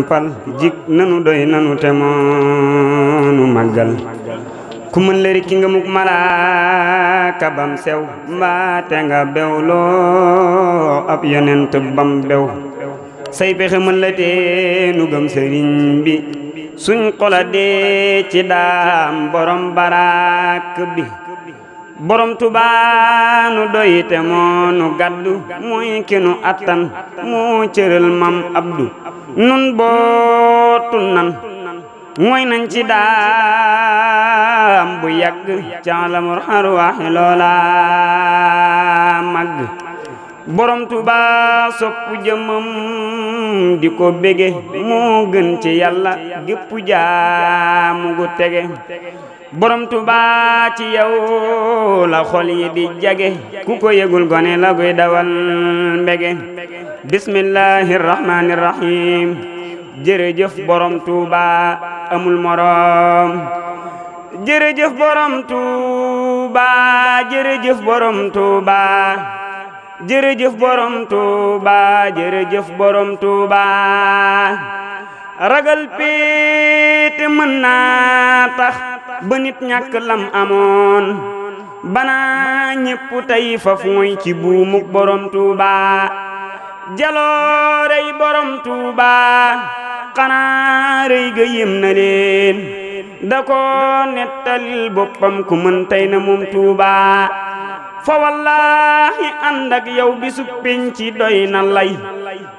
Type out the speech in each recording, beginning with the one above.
pal jik nanu doy nanu te moonu màggal ku mën léri ki nga muk malaaka bam sew mbaate nga bew ab yonent bam bew say pexe mën la tee nu gëm sëriñ bi suñ xola dee ci daam borom baraak bi borom Tuubaa nu doyite moo gàddu muy ki attan mu cëral mam Abdu nun bootu nan mooy nañ ci daam bu yàgg caalamur arwaaxi loola màgg borom tuba soppu jëmam di ko bége moo ci yàlla gépp jaamu gu tege borom tuba ci yow la xol yi di jage ku ko yëgul gone la guy dawal mbege bismillahi rahmaani jëf jërëjëf borom tuuba amul morom jëf borom tuuba jërëjëf borom tuuba jërëjëf borom tuuba jërëjëf borom tuuba ragal péete mën naa tax ba nit lam amoon bana ñépp tey faf mooy ci buumuk borom tuuba jaloorey borom tuuba xanaa rëy ga yem na leen da ko nettalil boppam ku mën tey na moom tuuba fa wallaahi ànd ak yow bisub ci doy na lay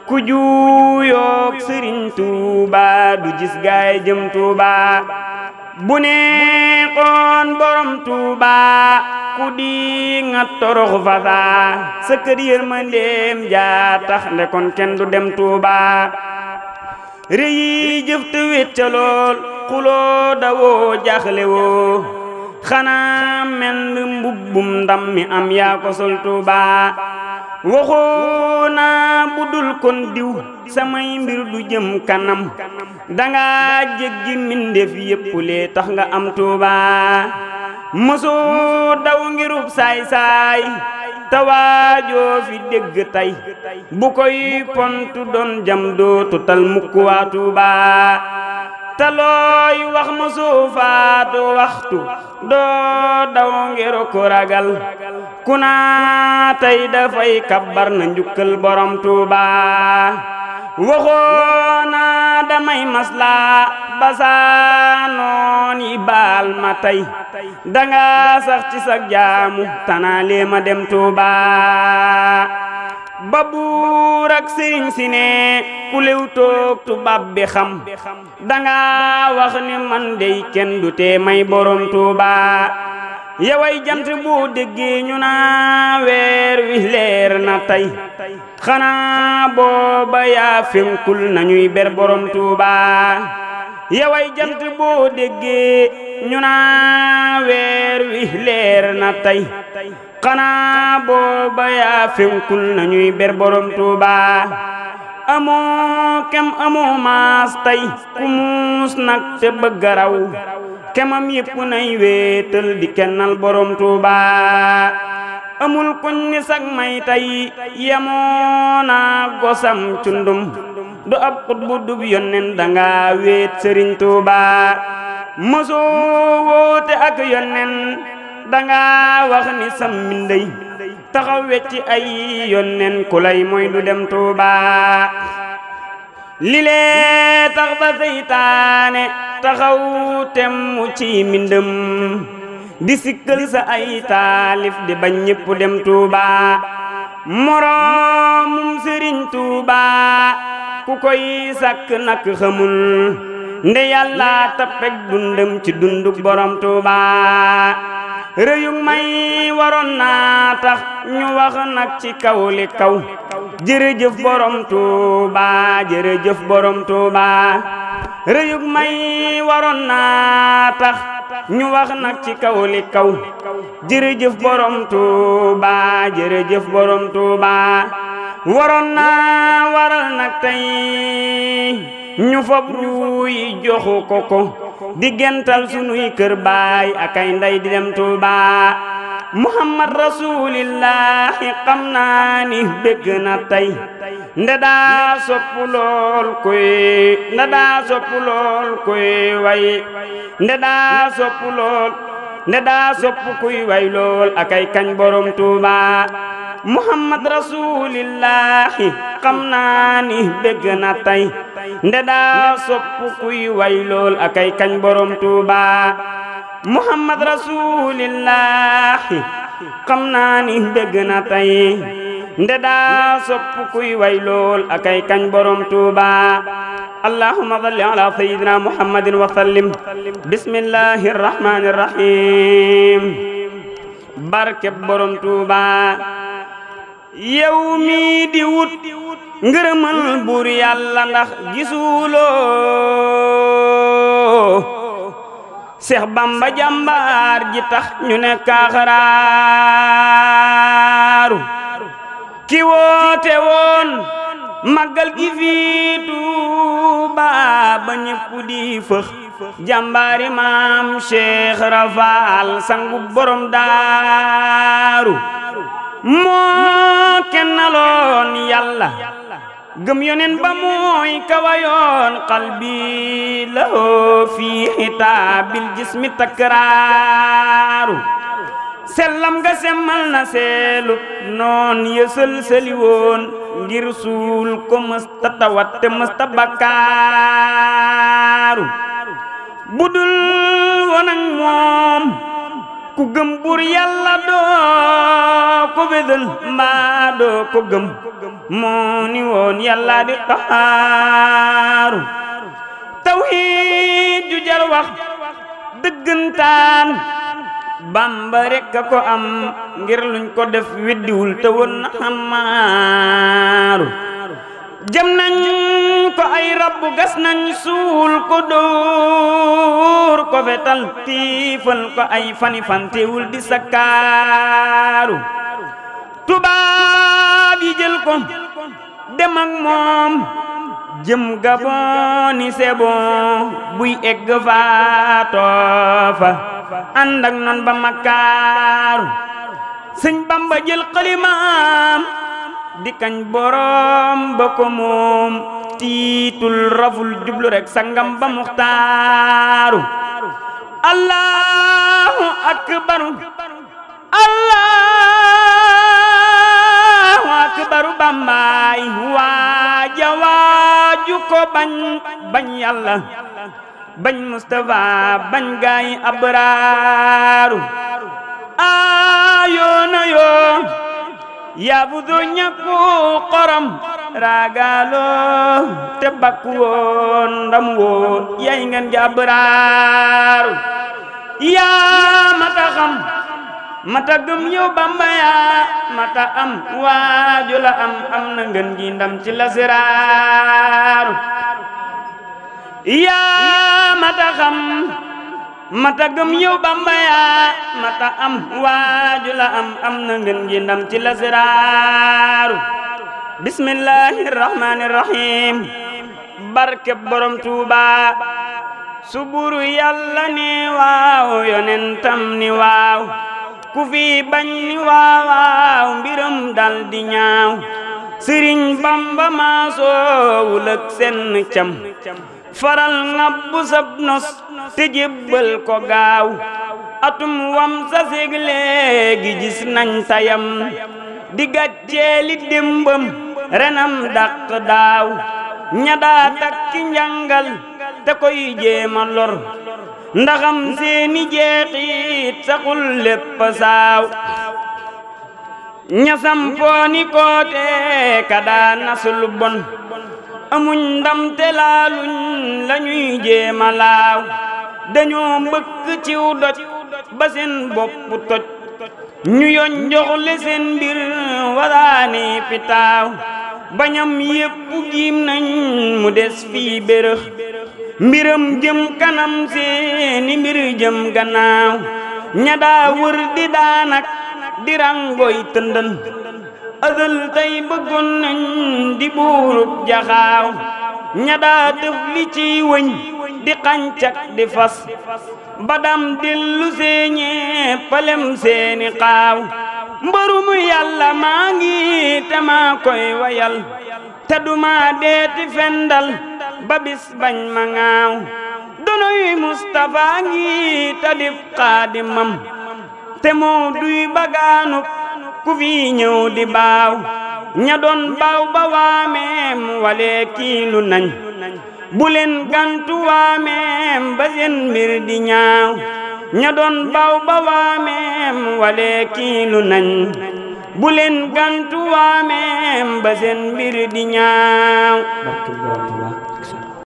ku juuyoog sëriñ tuuba du gis gaay jëm tuuba bu neexoon borom tuuba ku di nga torox fasa sa kër yërmandeem jaa tax nde kon kenn du dem Tuuba rëy yi jëf te wécca lool xuloo dawoo jaaxle xanaa mend mbubbum ndam mi am yaa ko Tuuba waxoo naa bu dul kon diw samay mbir du jëm kanam danga jéggi mbindeef yépp lee tax nga am Tuuba musu daw ngirub saay-saay tawaajoo fi dégg tey bu koy pontu doon jam dootu tal mukk waa Tuubaa te looy wax musu faatu waxtu doo daw ngir ku ragal ku naa tey dafay kabbar na njukkal borom Tuubaa waxoo naa damay maslaa basaanoon yi baal ma tey danga sax ci sa jaamu tanaalee ma dem Tuuba ba buur ak sëriñ si ne ku lew toog tubaab bi xam danga wax ni man dey kenn du tee may borom Tuuba yaway jant bu déggee ñu naa weer wi leer na tey xanaa booba yaa fenkul nañuy ber borom Tuuba yaway jant boo déggee ñu naa weer wi leer na tey xanaa booba yaa fenkul nañuy ber borom Tuuba amoo kem amoo maas tey ku muus nag te bëgg raw kemam yépp nay wéetal di kennal borom Tuuba amul kuñ ni sag may tey yemoo naa gosam cundum du ab xutbu dub yónneen danga wéet sëriñ Tuuba mosoo woote ak yónneen danga wax ni sam mbinday taxaw wecci ay yónneen ku lay mooy du dem Tuuba lile tax ba seytaane taxaw tem mu ci di sikkal sa ay taalif di bañ ñëpp dem Tuuba moroomum sëriñ Tuuba ku koy sàkk nak xamul nde yàlla tappeg dundam ci dunduk borom tuuba rëyug may waroon naa tax ñu wax nag ci kaw li kaw jërëjëf borom tuuba jërëjëf borom tuuba rëyug may waroon naa tax ñu wax nag ci kaw li kaw jërëjëf borom tuuba jërëjëf borom tuuba waroon naa waral nag tey ñu fob ruu yi joxu ko ko diggantal sunuy kër baay ak ay ndey di dem Tuuba muhammad rasulillahi xam naa ni bëgg na tey nda daa sopp lool koy nda daa sopp lool koy way nda daa lool nda daa sopp kuy way lool ak ay kañ borom Tuuba muhammad rasulillahi xam naa ni bëgg na tey nde daa sopp kuy way lool akay kañ borom tuuba muhammad rasulillahi xam naa ni bëgg na tey nde daa sopp kuy way lool akay kañ borom tuuba allahumma salli ala sayyidina barkeb borom tuuba yow di wut ngërëmal buur yàlla ndax gisuloo Seex Bamba jàmbaar ji tax ñu ne Kaaxaraaru ki woote woon màggal gi fii Tuuba ba ñëpp di fëx jàmbaari maam Cheikh Rafal sangu borom daaru moo kennaloon yàlla gëm yonen ba mooy kawayoon qalbi lahoo fi xitaabil jismi takraaru sellam nga semmal na seelu noon yësël sëli woon ngir suul ko mësta tawat te mësta bakkaaru budul woon ak moom ku gëm buur yàlla doo ko wédal mbaa doo ko gëm moo ni woon yàlla di xaaru tawhiid ju jar wax dëggantaan bamba rekk ko am ngir luñ ko def weddiwul te woon na xamaaru jëm nañ ko ay rabb gas nañ suul ko dóor ko fetal tiifal ko ay fani fantewul di sakkaaru tubaab jël ko dem moom jëm Gabon ni buy egg faa toofa ànd noon ba makkaaru sëñ Bamba jël xalimaam di kañ boroom ba ko moom tiitul raful jublu rek sangam ba muxtaaru allahu akbaru allahu akbaru bambaay bañ bañ yàlla bañ mustafa bañ gaay abraaru yabudu ñakku xorom raagaaloo te bakku woon ndam woo yay ngeen jabraaru yaa mata xam mata gëm bamba yaa mata am waaju am am na ngeen gi ndam ci la siraaru yaa mata mata gëm yow Bamba yaa mata am waaju la am am na ngeen ndam ci la siraaru bismillahi rahmani rahim barke borom Tuuba suburu yàlla ni waaw yonentam ni waaw ku fi bañ ni waaw waaw mbiram dal di ñaaw sëriñ Bamba maa soowul ak cam faral ngabbu sab nos te ko gaaw atum wam sa seeg léegi nañ sayam di gàcceeli démbam renam dàq daaw ña daa takki njàngal te koy jéema lor ndaxam seeni jeexit saxul lépp saaw ña sampooni koote ka daa nasul bon amuñ ndam te laaluñ la ñuy dañoo mbëkk ciw doj ba seen bopp toj ñu yoñ joxle seen mbir waraani pitaaw bañam yépp giim nañ mu des fii bérëx mbiram jëm kanam seeni mbir jëm gannaaw ña daa wër di daanak di rangoy tëndën azal tey bëggoon nañ di buurub jaxaaw ña daa tëf ciy wëñ di xancak di fas badam dillu seeñe palem seeni xaaw mbërum yàlla maa ngi te maa koy wayal te duma deeti fendal ba bis ma ŋaaw donoy Mustafa ngi tadib xaadimam te moo duy bagaanub ku fi ñëw di baaw ña doon baaw waameem walee nañ bu leen gantu ba seen mbir di ñaaw ña doon baw ba waameem walee kiilu nañ bu leen gantu ba seen mbir di ñaaw